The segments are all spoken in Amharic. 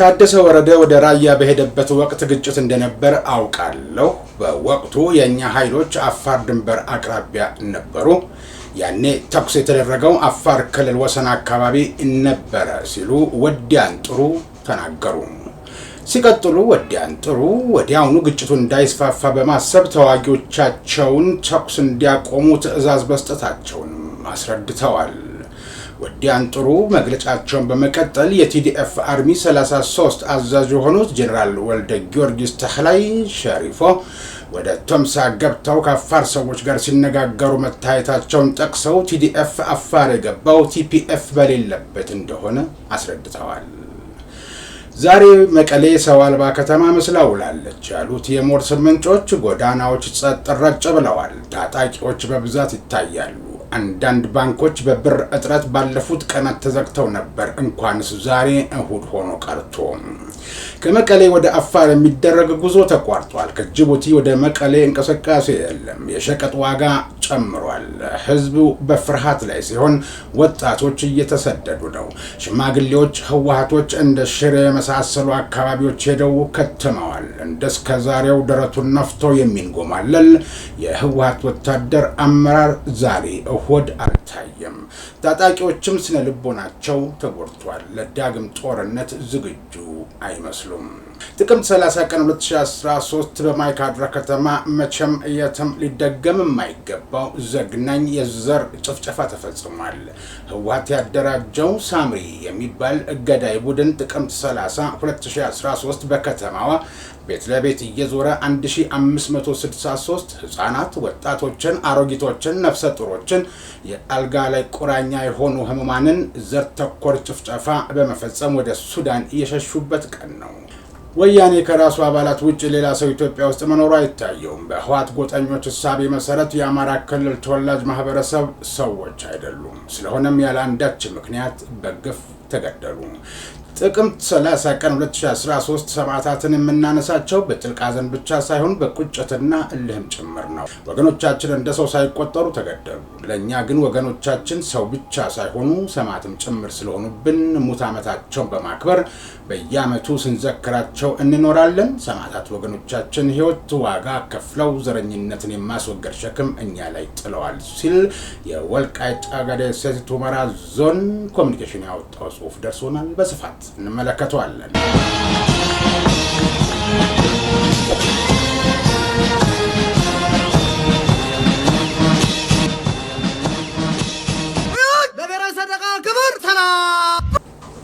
ታደሰ ወረደ ወደ ራያ በሄደበት ወቅት ግጭት እንደነበር አውቃለሁ። በወቅቱ የእኛ ኃይሎች አፋር ድንበር አቅራቢያ ነበሩ። ያኔ ተኩስ የተደረገው አፋር ክልል ወሰን አካባቢ ነበረ ሲሉ ወዲያን ጥሩ ተናገሩ። ሲቀጥሉ ወዲያን ጥሩ ወዲያውኑ ግጭቱ እንዳይስፋፋ በማሰብ ተዋጊዎቻቸውን ተኩስ እንዲያቆሙ ትዕዛዝ መስጠታቸውን አስረድተዋል። ወዲያን ጥሩ መግለጫቸውን በመቀጠል የቲዲኤፍ አርሚ 33 አዛዥ የሆኑት ጀኔራል ወልደ ጊዮርጊስ ተክላይ ሸሪፎ ወደ ቶምሳ ገብተው ከአፋር ሰዎች ጋር ሲነጋገሩ መታየታቸውን ጠቅሰው ቲዲኤፍ አፋር የገባው ቲፒኤፍ በሌለበት እንደሆነ አስረድተዋል። ዛሬ መቀሌ ሰው አልባ ከተማ መስላ ውላለች ያሉት የሞርስ ምንጮች ጎዳናዎች ጸጥ ረጭ ብለዋል። ታጣቂዎች በብዛት ይታያሉ። አንዳንድ ባንኮች በብር እጥረት ባለፉት ቀናት ተዘግተው ነበር፣ እንኳንስ ዛሬ እሁድ ሆኖ ቀርቶ ከመቀሌ ወደ አፋር የሚደረግ ጉዞ ተቋርጧል። ከጅቡቲ ወደ መቀሌ እንቅስቃሴ የለም። የሸቀጥ ዋጋ ጨምሯል። ህዝቡ በፍርሃት ላይ ሲሆን፣ ወጣቶች እየተሰደዱ ነው። ሽማግሌዎች ህወሀቶች እንደ ሽሬ የመሳሰሉ አካባቢዎች ሄደው ከትመዋል። እንደ እስከ ዛሬው ደረቱን ነፍቶ የሚንጎማለል የህወሀት ወታደር አመራር ዛሬ እሁድ አልታየም። ታጣቂዎችም ስነ ልቦናቸው ተጎድቷል። ለዳግም ጦርነት ዝግጁ አይመስሉም። ጥቅምት 30 ቀን 2013 በማይካድራ ከተማ መቼም የትም ሊደገም የማይገባው ዘግናኝ የዘር ጭፍጨፋ ተፈጽሟል። ህወሀት ያደራጀው ሳምሪ የሚባል ገዳይ ቡድን ጥቅምት 30 2013 በከተማዋ ቤት ለቤት እየዞረ 1563 ህጻናት፣ ወጣቶችን፣ አሮጊቶችን፣ ነፍሰ ጡሮችን፣ የአልጋ ላይ ቁራኛ የሆኑ ህሙማንን ዘር ተኮር ጭፍጨፋ በመፈጸም ወደ ሱዳን እየሸሹበት ቀን ነው። ወያኔ ከራሱ አባላት ውጭ ሌላ ሰው ኢትዮጵያ ውስጥ መኖሩ አይታየውም። በህዋት ጎጠኞች እሳቤ መሰረት የአማራ ክልል ተወላጅ ማህበረሰብ ሰዎች አይደሉም። ስለሆነም ያለ አንዳች ምክንያት በግፍ ተገደሉ። ጥቅምት 30 ቀን 2013 ሰማዕታትን የምናነሳቸው በጥልቅ ሐዘን ብቻ ሳይሆን በቁጭትና እልህም ጭምር ነው። ወገኖቻችን እንደ ሰው ሳይቆጠሩ ተገደሉ። ለእኛ ግን ወገኖቻችን ሰው ብቻ ሳይሆኑ ሰማዕትም ጭምር ስለሆኑብን ሙት ዓመታቸውን በማክበር በየዓመቱ ስንዘክራቸው እንኖራለን። ሰማዕታት ወገኖቻችን ሕይወት ዋጋ ከፍለው ዘረኝነትን የማስወገድ ሸክም እኛ ላይ ጥለዋል ሲል የወልቃይት ጠገዴ ሰቲት ሁመራ ዞን ኮሚኒኬሽን ያወጣው ጽሑፍ ደርሶናል በስፋት እንመለከተዋለን።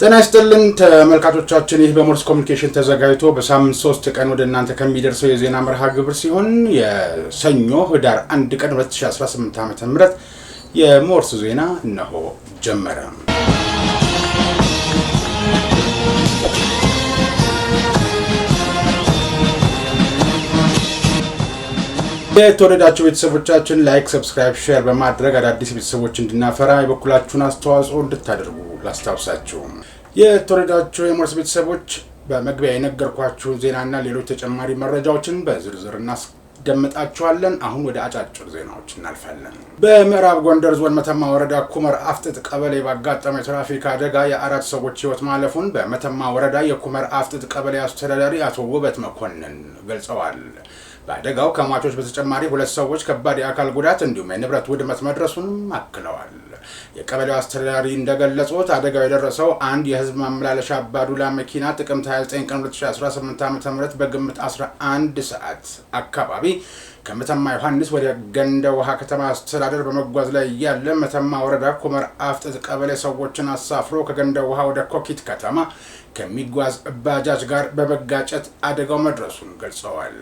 ጤና ይስጥልን ተመልካቾቻችን፣ ይህ በሞርስ ኮሚኒኬሽን ተዘጋጅቶ በሳምንት ሶስት ቀን ወደ እናንተ ከሚደርሰው የዜና መርሃ ግብር ሲሆን የሰኞ ህዳር አንድ ቀን 2018 ዓ ም የሞርስ ዜና እነሆ ጀመረ። የተወደዳችሁ ቤተሰቦቻችን ላይክ፣ ሰብስክራይብ፣ ሼር በማድረግ አዳዲስ ቤተሰቦች እንድናፈራ የበኩላችሁን አስተዋጽኦ እንድታደርጉ ላስታውሳችሁ። የተወደዳችሁ የሞርስ ቤተሰቦች በመግቢያ የነገርኳችሁን ዜናና ሌሎች ተጨማሪ መረጃዎችን በዝርዝር እናስደምጣችኋለን። አሁን ወደ አጫጭር ዜናዎች እናልፋለን። በምዕራብ ጎንደር ዞን መተማ ወረዳ ኩመር አፍጥጥ ቀበሌ ባጋጠመ የትራፊክ አደጋ የአራት ሰዎች ሕይወት ማለፉን በመተማ ወረዳ የኩመር አፍጥጥ ቀበሌ አስተዳዳሪ አቶ ውበት መኮንን ገልጸዋል። በአደጋው ከሟቾች በተጨማሪ ሁለት ሰዎች ከባድ የአካል ጉዳት እንዲሁም የንብረት ውድመት መድረሱንም አክለዋል። የቀበሌው አስተዳዳሪ እንደገለጹት አደጋው የደረሰው አንድ የህዝብ ማመላለሻ አባዱላ መኪና ጥቅምት 29 ቀን 2018 ዓ ም በግምት 11 ሰዓት አካባቢ ከመተማ ዮሐንስ ወደ ገንደ ውሃ ከተማ አስተዳደር በመጓዝ ላይ ያለ መተማ ወረዳ ኩመር አፍጥጥ ቀበሌ ሰዎችን አሳፍሮ ከገንደ ውሃ ወደ ኮኪት ከተማ ከሚጓዝ ባጃጅ ጋር በመጋጨት አደጋው መድረሱን ገልጸዋል።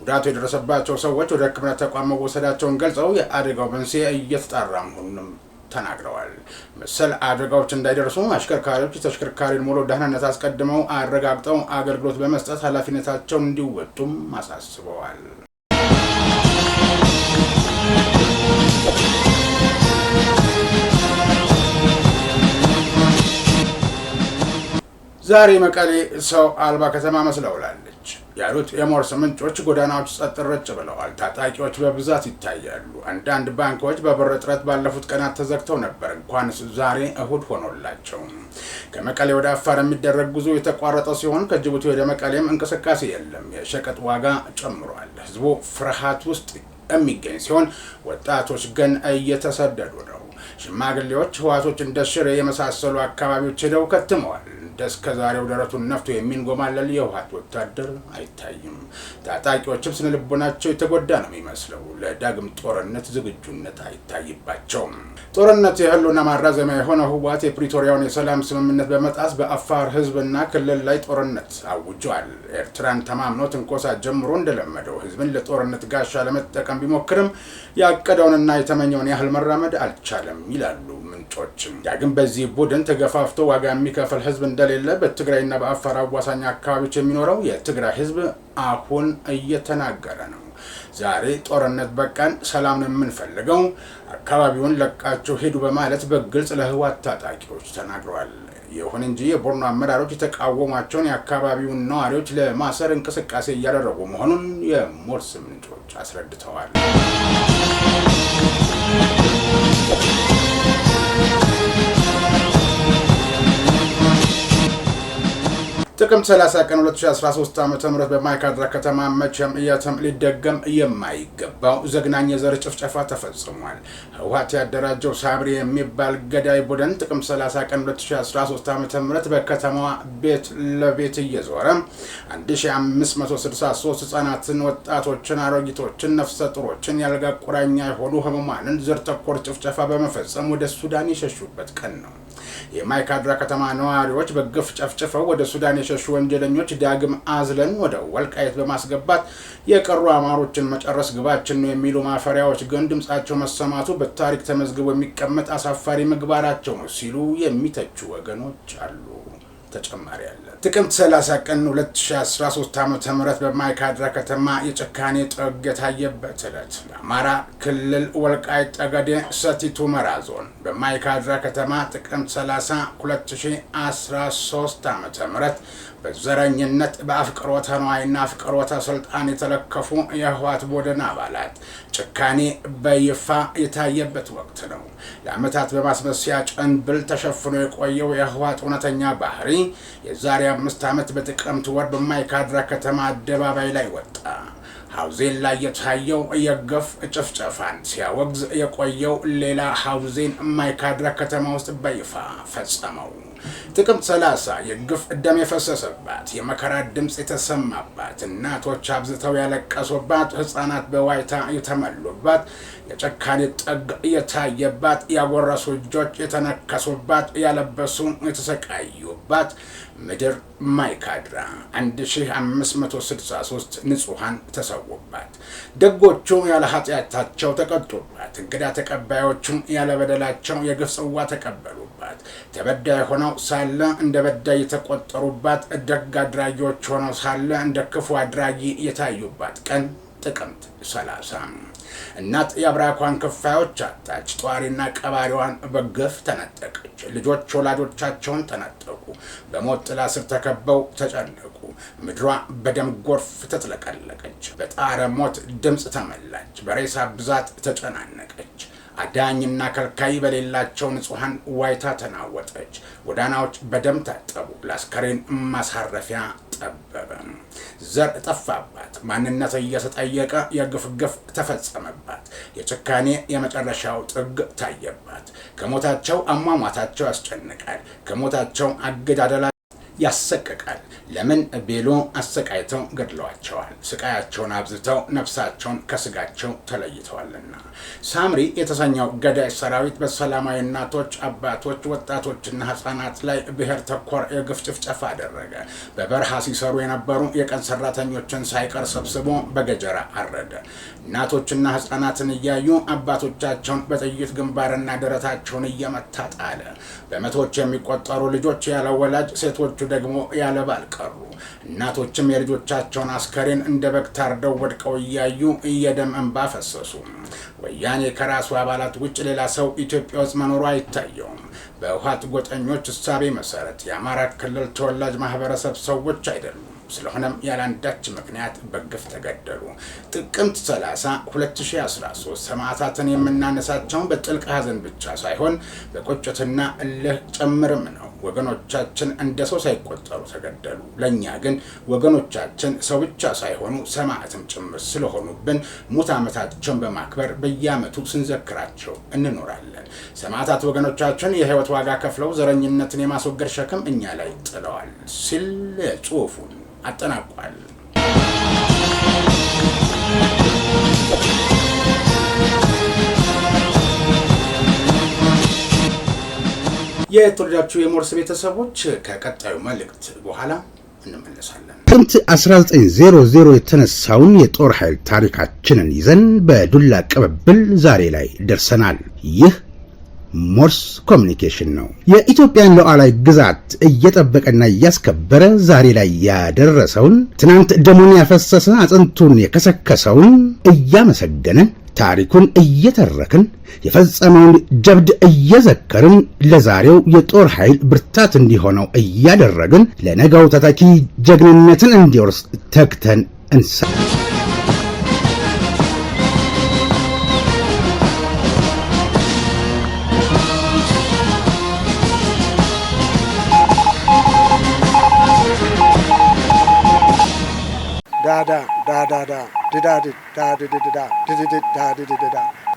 ጉዳቱ የደረሰባቸው ሰዎች ወደ ሕክምና ተቋም መወሰዳቸውን ገልጸው የአደጋው መንስኤ እየተጣራ መሆኑንም ተናግረዋል። መሰል አደጋዎች እንዳይደርሱ አሽከርካሪዎች የተሽከርካሪን ሙሉ ደህንነት አስቀድመው አረጋግጠው አገልግሎት በመስጠት ኃላፊነታቸውን እንዲወጡም አሳስበዋል። ዛሬ መቀሌ ሰው አልባ ከተማ መስለውላለች። ያሉት የሞርስ ምንጮች ጎዳናዎች ጸጥ ረጭ ብለዋል። ታጣቂዎች በብዛት ይታያሉ። አንዳንድ ባንኮች በብር እጥረት ባለፉት ቀናት ተዘግተው ነበር፣ እንኳን ዛሬ እሁድ ሆኖላቸው። ከመቀሌ ወደ አፋር የሚደረግ ጉዞ የተቋረጠ ሲሆን ከጅቡቲ ወደ መቀሌም እንቅስቃሴ የለም። የሸቀጥ ዋጋ ጨምሯል። ህዝቡ ፍርሃት ውስጥ የሚገኝ ሲሆን ወጣቶች ግን እየተሰደዱ ነው። ሽማግሌዎች ህዋቶች እንደ ሽሬ የመሳሰሉ አካባቢዎች ሄደው ከትመዋል። እንደ እስከ ደረቱን ነፍቶ የሚንጎማለል የውሃት ወታደር አይታይም። ታጣቂዎችም ስነ ልቦናቸው የተጎዳ ነው የሚመስለው። ለዳግም ጦርነት ዝግጁነት አይታይባቸውም። ጦርነት የህልውና ማራዘሚያ የሆነው ህወሓት የፕሪቶሪያውን የሰላም ስምምነት በመጣስ በአፋር ህዝብና ክልል ላይ ጦርነት አውጇል። ኤርትራን ተማምኖ ትንኮሳ ጀምሮ እንደለመደው ህዝብን ለጦርነት ጋሻ ለመጠቀም ቢሞክርም ያቀደውንና የተመኘውን ያህል መራመድ አልቻለም ይላሉ ምንጮችም። ዳግም በዚህ ቡድን ተገፋፍቶ ዋጋ የሚከፍል ህዝብ እንደ እንደሌለ በትግራይና በአፋር አዋሳኝ አካባቢዎች የሚኖረው የትግራይ ህዝብ አሁን እየተናገረ ነው። ዛሬ ጦርነት በቃን፣ ሰላም ነው የምንፈልገው፣ አካባቢውን ለቃቸው ሄዱ በማለት በግልጽ ለህወሓት ታጣቂዎች ተናግረዋል። ይሁን እንጂ የቦርኖ አመራሮች የተቃወሟቸውን የአካባቢውን ነዋሪዎች ለማሰር እንቅስቃሴ እያደረጉ መሆኑን የሞርስ ምንጮች አስረድተዋል። ጥቅምት 30 ቀን 2013 ዓ ም በማይካድራ ከተማ መቼም እየተም ሊደገም የማይገባው ዘግናኝ የዘር ጭፍጨፋ ተፈጽሟል። ህወሓት ያደራጀው ሳብሪ የሚባል ገዳይ ቡድን ጥቅምት 30 ቀን 2013 ዓ ም በከተማዋ ቤት ለቤት እየዞረ 1563 ህጻናትን፣ ወጣቶችን፣ አሮጊቶችን፣ ነፍሰ ጡሮችን፣ ያልጋ ቁራኛ የሆኑ ህሙማንን ዘር ተኮር ጭፍጨፋ በመፈጸም ወደ ሱዳን የሸሹበት ቀን ነው። የማይካድራ ከተማ ነዋሪዎች በግፍ ጨፍጭፈው ወደ ሱዳን የሸሹ ወንጀለኞች ዳግም አዝለን ወደ ወልቃየት በማስገባት የቀሩ አማሮችን መጨረስ ግባችን ነው የሚሉ ማፈሪያዎች ግን ድምጻቸው መሰማቱ በታሪክ ተመዝግቦ የሚቀመጥ አሳፋሪ ምግባራቸው ነው ሲሉ የሚተቹ ወገኖች አሉ። ተጨማሪ አለ። ጥቅምት 30 ቀን 2013 ዓ ም በማይካድራ ከተማ የጭካኔ ጥግ የታየበት ዕለት በአማራ ክልል ወልቃይ ጠገዴ ሰቲት ሁመራ ዞን በማይካድራ ከተማ ጥቅምት 30 2013 ዓ ም በዘረኝነት በአፍቅሮተ ነዋይና አፍቅሮተ ስልጣን የተለከፉ የህወሓት ቡድን አባላት ጭካኔ በይፋ የታየበት ወቅት ነው። ለአመታት በማስመሰያ ጭንብል ተሸፍኖ የቆየው የህወሓት እውነተኛ ባህሪ የዛሬ አምስት ዓመት በጥቅምት ወር በማይካድራ ከተማ አደባባይ ላይ ወጣ። ሀውዜን ላይ የታየው የገፍ ጭፍጨፋን ሲያወግዝ የቆየው ሌላ ሀውዜን ማይካድራ ከተማ ውስጥ በይፋ ፈጸመው። ጥቅምት 30 የግፍ ደም የፈሰሰባት የመከራ ድምፅ የተሰማባት እናቶች አብዝተው ያለቀሱባት ህፃናት በዋይታ የተመሉባት የጨካኔ ጥግ የታየባት ያጎረሱ እጆች የተነከሱባት ያለበሱ የተሰቃዩባት ምድር ማይካድራ 1563 ንጹሐን ተሰዉባት። ደጎቹ ያለ ኃጢአታቸው ተቀጡባት። እንግዳ ተቀባዮቹ ያለበደላቸው የግፍ ጽዋ ተቀበሉ። ናት። ተበዳይ ሆነው ሳለ እንደ በዳይ የተቆጠሩባት፣ ደግ አድራጊዎች ሆነው ሳለ እንደ ክፉ አድራጊ የታዩባት ቀን ጥቅምት 30 እናት የአብራኳን ክፋዮች አጣች። ጧሪና ቀባሪዋን በግፍ ተነጠቀች። ልጆች ወላጆቻቸውን ተነጠቁ። በሞት ጥላ ስር ተከበው ተጨነቁ። ምድሯ በደም ጎርፍ ተጥለቀለቀች። በጣረ ሞት ድምፅ ተመላች። በሬሳ ብዛት ተጨናነቀች። አዳኝና ከልካይ በሌላቸው ንጹሐን ዋይታ ተናወጠች። ጎዳናዎች በደም ታጠቡ። ለአስከሬን ማሳረፊያ ጠበበ። ዘር ጠፋባት። ማንነት እየተጠየቀ የግፍግፍ ተፈጸመባት። የጭካኔ የመጨረሻው ጥግ ታየባት። ከሞታቸው አሟሟታቸው ያስጨንቃል። ከሞታቸው አገዳደላ ያሰቅቃል። ለምን ቤሎ አሰቃይተው ገድለዋቸዋል። ስቃያቸውን አብዝተው ነፍሳቸውን ከስጋቸው ተለይተዋልና። ሳምሪ የተሰኘው ገዳይ ሰራዊት በሰላማዊ እናቶች፣ አባቶች፣ ወጣቶችና ህጻናት ላይ ብሔር ተኮር የግፍ ጭፍጨፋ አደረገ። በበረሃ ሲሰሩ የነበሩ የቀን ሰራተኞችን ሳይቀር ሰብስቦ በገጀራ አረደ። እናቶችና ህጻናትን እያዩ አባቶቻቸውን በጥይት ግንባርና ደረታቸውን እየመታ ጣለ። በመቶዎች የሚቆጠሩ ልጆች ያለ ወላጅ፣ ሴቶቹ ደግሞ ያለ ባል ቀሩ። እናቶችም የልጆቻቸውን አስከሬን እንደ በግ ታርደው ወድቀው እያዩ እየደም እንባ ፈሰሱ። ወያኔ ከራሱ አባላት ውጭ ሌላ ሰው ኢትዮጵያ ውስጥ መኖሩ አይታየውም። በውሃት ጎጠኞች እሳቤ መሰረት የአማራ ክልል ተወላጅ ማህበረሰብ ሰዎች አይደሉም። ስለሆነም ያለአንዳች ምክንያት በግፍ ተገደሉ። ጥቅምት 30 2013 ሰማዕታትን የምናነሳቸውን በጥልቅ ሐዘን ብቻ ሳይሆን በቁጭትና እልህ ጨምርም ነው። ወገኖቻችን እንደ ሰው ሳይቆጠሩ ተገደሉ። ለእኛ ግን ወገኖቻችን ሰው ብቻ ሳይሆኑ ሰማዕትም ጭምር ስለሆኑብን ሙት ዓመታቸውን በማክበር በየዓመቱ ስንዘክራቸው እንኖራለን። ሰማዕታት ወገኖቻችን የህይወት ዋጋ ከፍለው ዘረኝነትን የማስወገድ ሸክም እኛ ላይ ጥለዋል ሲል ጽሑፉን አጠናቋል። የተወደዳችሁ የሞርስ ቤተሰቦች ከቀጣዩ መልእክት በኋላ እንመለሳለን። ጥንት 1900 የተነሳውን የጦር ኃይል ታሪካችንን ይዘን በዱላ ቅብብል ዛሬ ላይ ደርሰናል። ይህ ሞርስ ኮሚኒኬሽን ነው። የኢትዮጵያን ሉዓላዊ ግዛት እየጠበቀና እያስከበረ ዛሬ ላይ ያደረሰውን ትናንት ደሙን ያፈሰሰ አጥንቱን የከሰከሰውን እያመሰገነ ታሪኩን እየተረክን የፈጸመውን ጀብድ እየዘከርን ለዛሬው የጦር ኃይል ብርታት እንዲሆነው እያደረግን ለነገው ተተኪ ጀግንነትን እንዲወርስ ተግተን እንሰራለን። ዳዳ ዳዳዳ ድዳድድ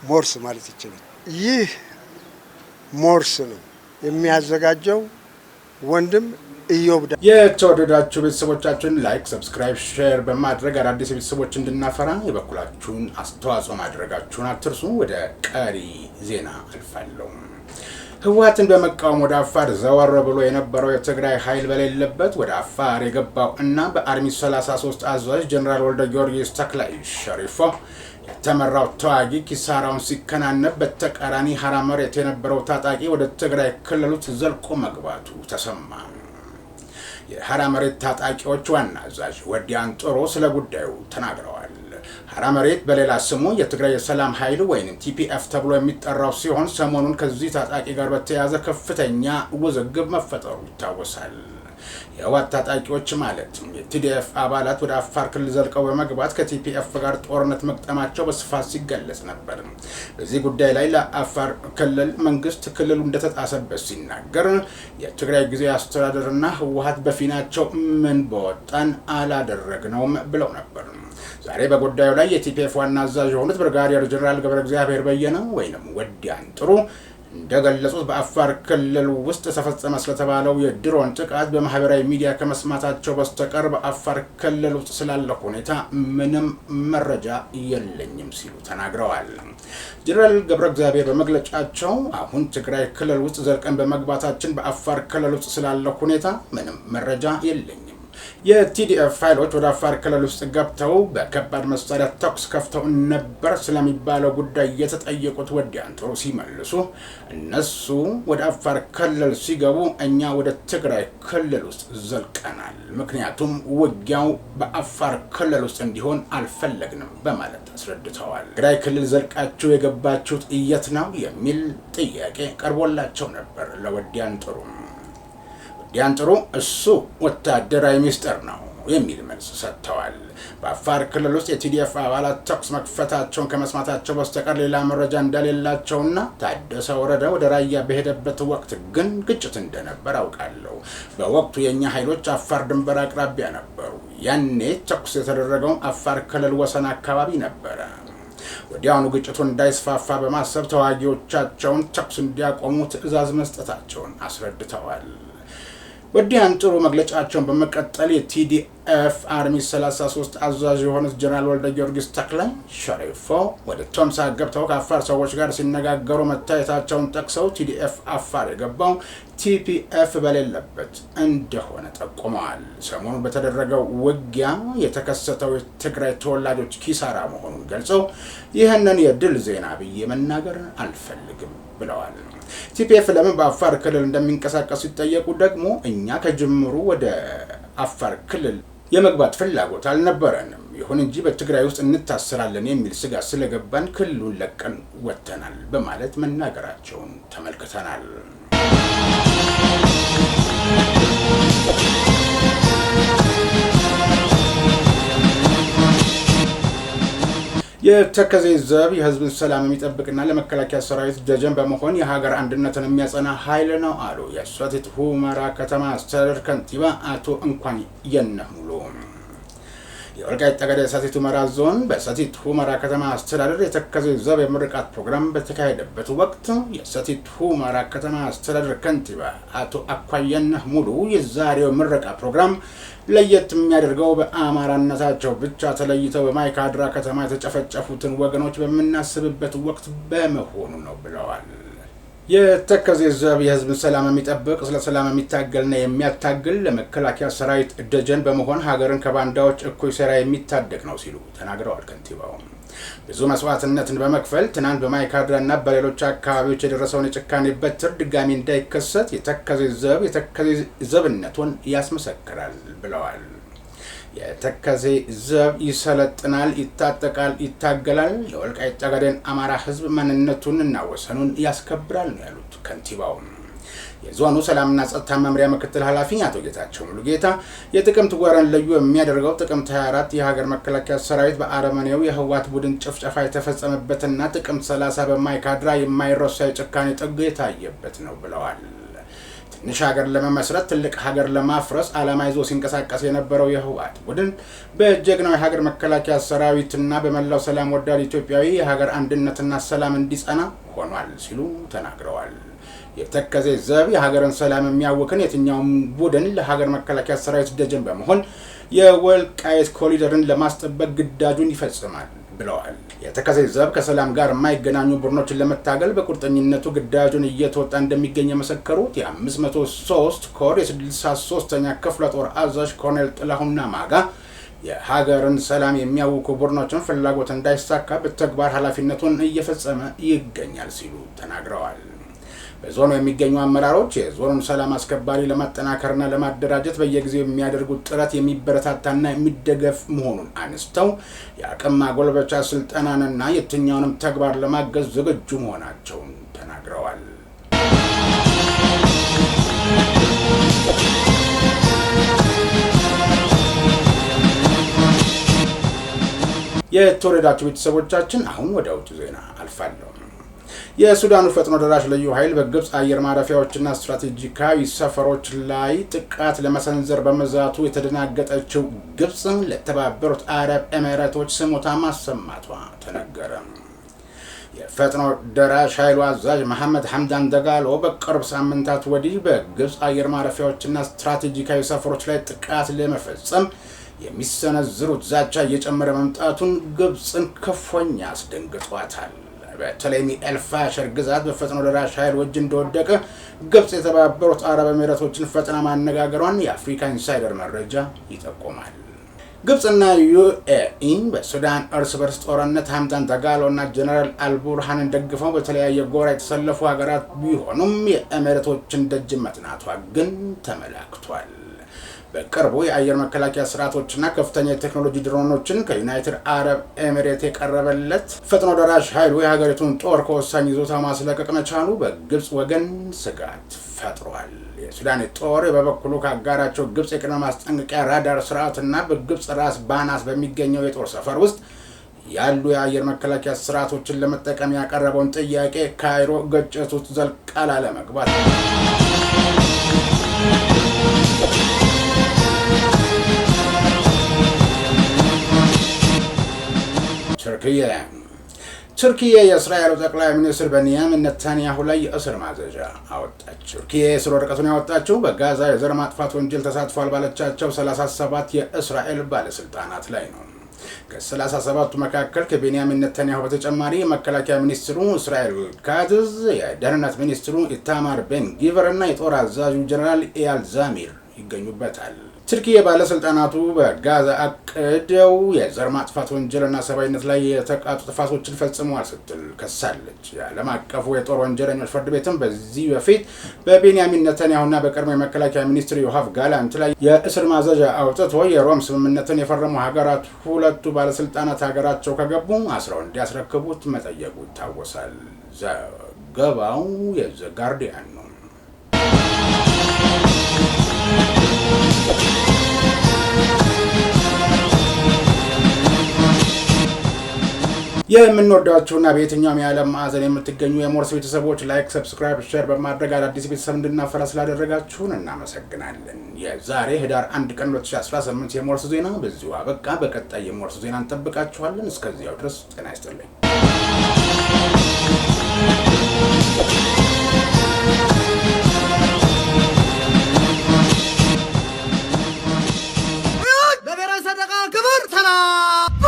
ሞርስ ማለት ይችላል። ይህ ሞርስ ነው የሚያዘጋጀው ወንድም እዮብ። የተወደዳችሁ ቤተሰቦቻችን ላይክ፣ ሰብስክራይብ፣ ሼር በማድረግ አዳዲስ ቤተሰቦች እንድናፈራ የበኩላችሁን አስተዋጽኦ ማድረጋችሁን አትርሱ። ወደ ቀሪ ዜና አልፋለሁ። ህወሓትን በመቃወም ወደ አፋር ዘወር ብሎ የነበረው የትግራይ ኃይል በሌለበት ወደ አፋር የገባው እና በአርሚ 33 አዛዥ ጀኔራል ወልደ ጊዮርጊስ ተክላይ ሸሪፎ የተመራው ተዋጊ ኪሳራውን ሲከናነብ በተቃራኒ ሀራ መሬት የነበረው ታጣቂ ወደ ትግራይ ክልሉት ዘልቆ መግባቱ ተሰማ። የሀራ መሬት ታጣቂዎች ዋና አዛዥ ወዲያን ጥሩ ስለ ጉዳዩ ተናግረዋል። ሀራ መሬት በሌላ ስሙ የትግራይ የሰላም ኃይል ወይም ቲፒኤፍ ተብሎ የሚጠራው ሲሆን ሰሞኑን ከዚህ ታጣቂ ጋር በተያያዘ ከፍተኛ ውዝግብ መፈጠሩ ይታወሳል። የህወሓት ታጣቂዎች ማለት የቲዲኤፍ አባላት ወደ አፋር ክልል ዘልቀው በመግባት ከቲፒኤፍ ጋር ጦርነት መቅጠማቸው በስፋት ሲገለጽ ነበር። በዚህ ጉዳይ ላይ ለአፋር ክልል መንግስት ክልሉ እንደተጣሰበት ሲናገር የትግራይ ጊዜ አስተዳደርና ህወሓት በፊናቸው ምን በወጣን አላደረግነውም ብለው ነበር። ዛሬ በጉዳዩ ላይ የቲፒኤፍ ዋና አዛዥ የሆኑት ብርጋዴር ጀኔራል ገብረ እግዚአብሔር በየነ ወይንም ወዲያን ጥሩ እንደገለጹት በአፋር ክልል ውስጥ ተፈጸመ ስለተባለው የድሮን ጥቃት በማህበራዊ ሚዲያ ከመስማታቸው በስተቀር በአፋር ክልል ውስጥ ስላለ ሁኔታ ምንም መረጃ የለኝም ሲሉ ተናግረዋል። ጀኔራል ገብረ እግዚአብሔር በመግለጫቸው አሁን ትግራይ ክልል ውስጥ ዘልቀን በመግባታችን በአፋር ክልል ውስጥ ስላለ ሁኔታ ምንም መረጃ የለኝም የቲዲኤፍ ኃይሎች ወደ አፋር ክልል ውስጥ ገብተው በከባድ መሳሪያ ተኩስ ከፍተው ነበር ስለሚባለው ጉዳይ የተጠየቁት ወዲያን ጥሩ ሲመልሱ እነሱ ወደ አፋር ክልል ሲገቡ እኛ ወደ ትግራይ ክልል ውስጥ ዘልቀናል፣ ምክንያቱም ውጊያው በአፋር ክልል ውስጥ እንዲሆን አልፈለግንም በማለት አስረድተዋል። ትግራይ ክልል ዘልቃችሁ የገባችሁት እየት ነው የሚል ጥያቄ ቀርቦላቸው ነበር ለወዲያን ጥሩም ያን ጥሩ እሱ ወታደራዊ ሚስጥር ነው የሚል መልስ ሰጥተዋል። በአፋር ክልል ውስጥ የቲዲኤፍ አባላት ተኩስ መክፈታቸውን ከመስማታቸው በስተቀር ሌላ መረጃ እንደሌላቸውና ታደሰ ወረደ ወደ ራያ በሄደበት ወቅት ግን ግጭት እንደነበር አውቃለሁ። በወቅቱ የእኛ ኃይሎች አፋር ድንበር አቅራቢያ ነበሩ። ያኔ ተኩስ የተደረገው አፋር ክልል ወሰን አካባቢ ነበረ። ወዲያውኑ ግጭቱ እንዳይስፋፋ በማሰብ ተዋጊዎቻቸውን ተኩስ እንዲያቆሙ ትዕዛዝ መስጠታቸውን አስረድተዋል። ወዲያን ጥሩ መግለጫቸውን በመቀጠል የቲዲኤፍ አርሚ 33 አዛዥ የሆኑት ጀነራል ወልደ ጊዮርጊስ ተክለ ሸሪፎ ወደ ቶምሳ ገብተው ከአፋር ሰዎች ጋር ሲነጋገሩ መታየታቸውን ጠቅሰው ቲዲኤፍ አፋር የገባው ቲፒኤፍ በሌለበት እንደሆነ ጠቁመዋል። ሰሞኑን በተደረገው ውጊያ የተከሰተው የትግራይ ተወላጆች ኪሳራ መሆኑን ገልጸው ይህንን የድል ዜና ብዬ መናገር አልፈልግም ብለዋል። ቲፒኤፍ ለምን በአፋር ክልል እንደሚንቀሳቀሱ ሲጠየቁ ደግሞ እኛ ከጅምሩ ወደ አፋር ክልል የመግባት ፍላጎት አልነበረንም። ይሁን እንጂ በትግራይ ውስጥ እንታሰራለን የሚል ስጋት ስለገባን ክልሉን ለቀን ወጥተናል በማለት መናገራቸውን ተመልክተናል። የተከዜ ዘብ የህዝብን ሰላም የሚጠብቅና ለመከላከያ ሰራዊት ደጀን በመሆን የሀገር አንድነትን የሚያጸና ኃይል ነው አሉ የሰቲት ሁመራ ከተማ አስተዳደር ከንቲባ አቶ እንኳን የነህ ሙሉ። የወልቃይት ጠገዴ ሰቲት ሁመራ ዞን በሰቲት ሁመራ ከተማ አስተዳደር የተከዘ ዘብ የምርቃት ፕሮግራም በተካሄደበት ወቅት የሰቲት ሁመራ ከተማ አስተዳደር ከንቲባ አቶ አኳየነህ ሙሉ የዛሬው ምረቃ ፕሮግራም ለየት የሚያደርገው በአማራነታቸው ብቻ ተለይተው በማይካድራ ከተማ የተጨፈጨፉትን ወገኖች በምናስብበት ወቅት በመሆኑ ነው ብለዋል። የተከዜ ዘብ የህዝብን ሰላም የሚጠብቅ ስለ ሰላም የሚታገልና የሚያታግል ለመከላከያ ሰራዊት ደጀን በመሆን ሀገርን ከባንዳዎች እኩይ ሴራ የሚታደግ ነው ሲሉ ተናግረዋል። ከንቲባው ብዙ መስዋዕትነትን በመክፈል ትናንት በማይካድራና በሌሎች አካባቢዎች የደረሰውን የጭካኔ በትር ድጋሚ እንዳይከሰት የተከዜ ዘብ የተከዜ ዘብነቱን ያስመሰክራል ብለዋል። የተከዜ ዘብ ይሰለጥናል፣ ይታጠቃል፣ ይታገላል። የወልቃይት ጠገዴን አማራ ህዝብ ማንነቱን እና ወሰኑን ያስከብራል ነው ያሉት ከንቲባው። የዞኑ ሰላምና ጸጥታ መምሪያ ምክትል ኃላፊ አቶ ጌታቸው ሙሉጌታ የጥቅምት ወርን ልዩ የሚያደርገው ጥቅምት 24 የሀገር መከላከያ ሰራዊት በአረመኔው የህወሓት ቡድን ጭፍጨፋ የተፈጸመበትና ጥቅምት 30 በማይካድራ የማይረሳ የጭካኔ ጥግ የታየበት ነው ብለዋል። ትንሽ ሀገር ለመመስረት ትልቅ ሀገር ለማፍረስ ዓላማ ይዞ ሲንቀሳቀስ የነበረው የህወሓት ቡድን በጀግናው የሀገር መከላከያ ሰራዊትና በመላው ሰላም ወዳድ ኢትዮጵያዊ የሀገር አንድነትና ሰላም እንዲጸና ሆኗል ሲሉ ተናግረዋል። የተከዜ ዘብ የሀገርን ሰላም የሚያውክን የትኛውም ቡድን ለሀገር መከላከያ ሰራዊት ደጀን በመሆን የወልቃይት ኮሪደርን ለማስጠበቅ ግዳጁን ይፈጽማል። ብለዋል። የተከዜ ዘብ ከሰላም ጋር የማይገናኙ ቡድኖችን ለመታገል በቁርጠኝነቱ ግዳጁን እየተወጣ እንደሚገኝ የመሰከሩት የ 53 ኮር የ63ኛ ክፍለ ጦር አዛዥ ኮሎኔል ጥላሁና ማጋ የሀገርን ሰላም የሚያውኩ ቡድኖችን ፍላጎት እንዳይሳካ በተግባር ኃላፊነቱን እየፈጸመ ይገኛል ሲሉ ተናግረዋል። በዞኑ የሚገኙ አመራሮች የዞኑን ሰላም አስከባሪ ለማጠናከርና ለማደራጀት በየጊዜው የሚያደርጉት ጥረት የሚበረታታና የሚደገፍ መሆኑን አንስተው የአቅም ማጎልበቻ ስልጠናንና የትኛውንም ተግባር ለማገዝ ዝግጁ መሆናቸውን ተናግረዋል። የተወደዳችሁ ቤተሰቦቻችን አሁን ወደ ውጭ ዜና አልፋለሁ። የሱዳኑ ፈጥኖ ደራሽ ልዩ ኃይል በግብፅ አየር ማረፊያዎችና ስትራቴጂካዊ ሰፈሮች ላይ ጥቃት ለመሰንዘር በመዛቱ የተደናገጠችው ግብፅም ለተባበሩት አረብ ኤሜሬቶች ስሞታ ማሰማቷ ተነገረ። የፈጥኖ ደራሽ ኃይሉ አዛዥ መሐመድ ሐምዳን ደጋሎ በቅርብ ሳምንታት ወዲህ በግብፅ አየር ማረፊያዎችና ስትራቴጂካዊ ሰፈሮች ላይ ጥቃት ለመፈጸም የሚሰነዝሩት ዛቻ እየጨመረ መምጣቱን ግብፅን ክፉኛ አስደንግጧታል። በተለይም ኤልፋሸር ግዛት በፈጥኖ ደራሽ ኃይል እጅ እንደወደቀ ግብጽ የተባበሩት አረብ ኤሚሬቶችን ፈጥና ማነጋገሯን የአፍሪካ ኢንሳይደር መረጃ ይጠቁማል። ግብፅና ዩኤኢ በሱዳን እርስ በርስ ጦርነት ሀምዳን ደጋሎ እና ጀነራል አልቡርሃንን ደግፈው በተለያየ ጎራ የተሰለፉ ሀገራት ቢሆኑም የኤሚሬቶችን ደጅ መጥናቷ ግን ተመላክቷል። በቅርቡ የአየር መከላከያ ስርዓቶችና ከፍተኛ የቴክኖሎጂ ድሮኖችን ከዩናይትድ አረብ ኤሚሬት የቀረበለት ፈጥኖ ደራሽ ኃይሉ የሀገሪቱን ጦር ከወሳኝ ይዞታ ማስለቀቅ መቻሉ በግብፅ ወገን ስጋት ፈጥሯል። የሱዳን ጦር በበኩሉ ከአጋራቸው ግብፅ የቅድመ ማስጠንቀቂያ ራዳር ስርዓትና በግብፅ ራስ ባናስ በሚገኘው የጦር ሰፈር ውስጥ ያሉ የአየር መከላከያ ስርዓቶችን ለመጠቀም ያቀረበውን ጥያቄ ካይሮ ግጭት ውስጥ ዘልቃ ላለመግባት ቱርክየ ቱርኪየ የእስራኤሉ ጠቅላይ ሚኒስትር በንያሚን ነታንያሁ ላይ የእስር ማዘዣ አወጣች። ቱርኪየ የእስር ወረቀቱን ያወጣችው በጋዛ የዘር ማጥፋት ወንጀል ተሳትፏል ባለቻቸው 37 የእስራኤል ባለስልጣናት ላይ ነው። 37 መካከል ከቤንያሚን ነታንያሁ በተጨማሪ የመከላከያ ሚኒስትሩ እስራኤል ካትዝ፣ የደህንነት ሚኒስትሩ ኢታማር ቤን ጊቨር እና የጦር አዛዡ ጀነራል ኢያል ዛሚር ይገኙበታል። ትርኪ የባለስልጣናቱ በጋዛ አቅደው የዘር ማጥፋት ወንጀልና ሰብአዊነት ላይ የተቃጡ ጥፋቶችን ፈጽመዋል ስትል ከሳለች። የዓለም አቀፉ የጦር ወንጀለኞች ፍርድ ቤትም በዚህ በፊት በቤንያሚን ነተንያሁና በቀድሞ የመከላከያ ሚኒስትር ዮሐፍ ጋላንት ላይ የእስር ማዘዣ አውጥቶ የሮም ስምምነትን የፈረሙ ሀገራት ሁለቱ ባለስልጣናት ሀገራቸው ከገቡ አስረው እንዲያስረክቡት መጠየቁ ይታወሳል። ዘገባው የዘጋርዲያን ነው። የምንወዳችሁና በየትኛውም የዓለም ማዕዘን የምትገኙ የሞርስ ቤተሰቦች ላይክ፣ ሰብስክራይብ፣ ሼር በማድረግ አዳዲስ ቤተሰብ እንድናፈራ ስላደረጋችሁን እናመሰግናለን። የዛሬ ህዳር 1 ቀን 2018 የሞርስ ዜና በዚሁ አበቃ። በቀጣይ የሞርስ ዜና እንጠብቃችኋለን። እስከዚያው ድረስ ጤና ይስጥልኝ።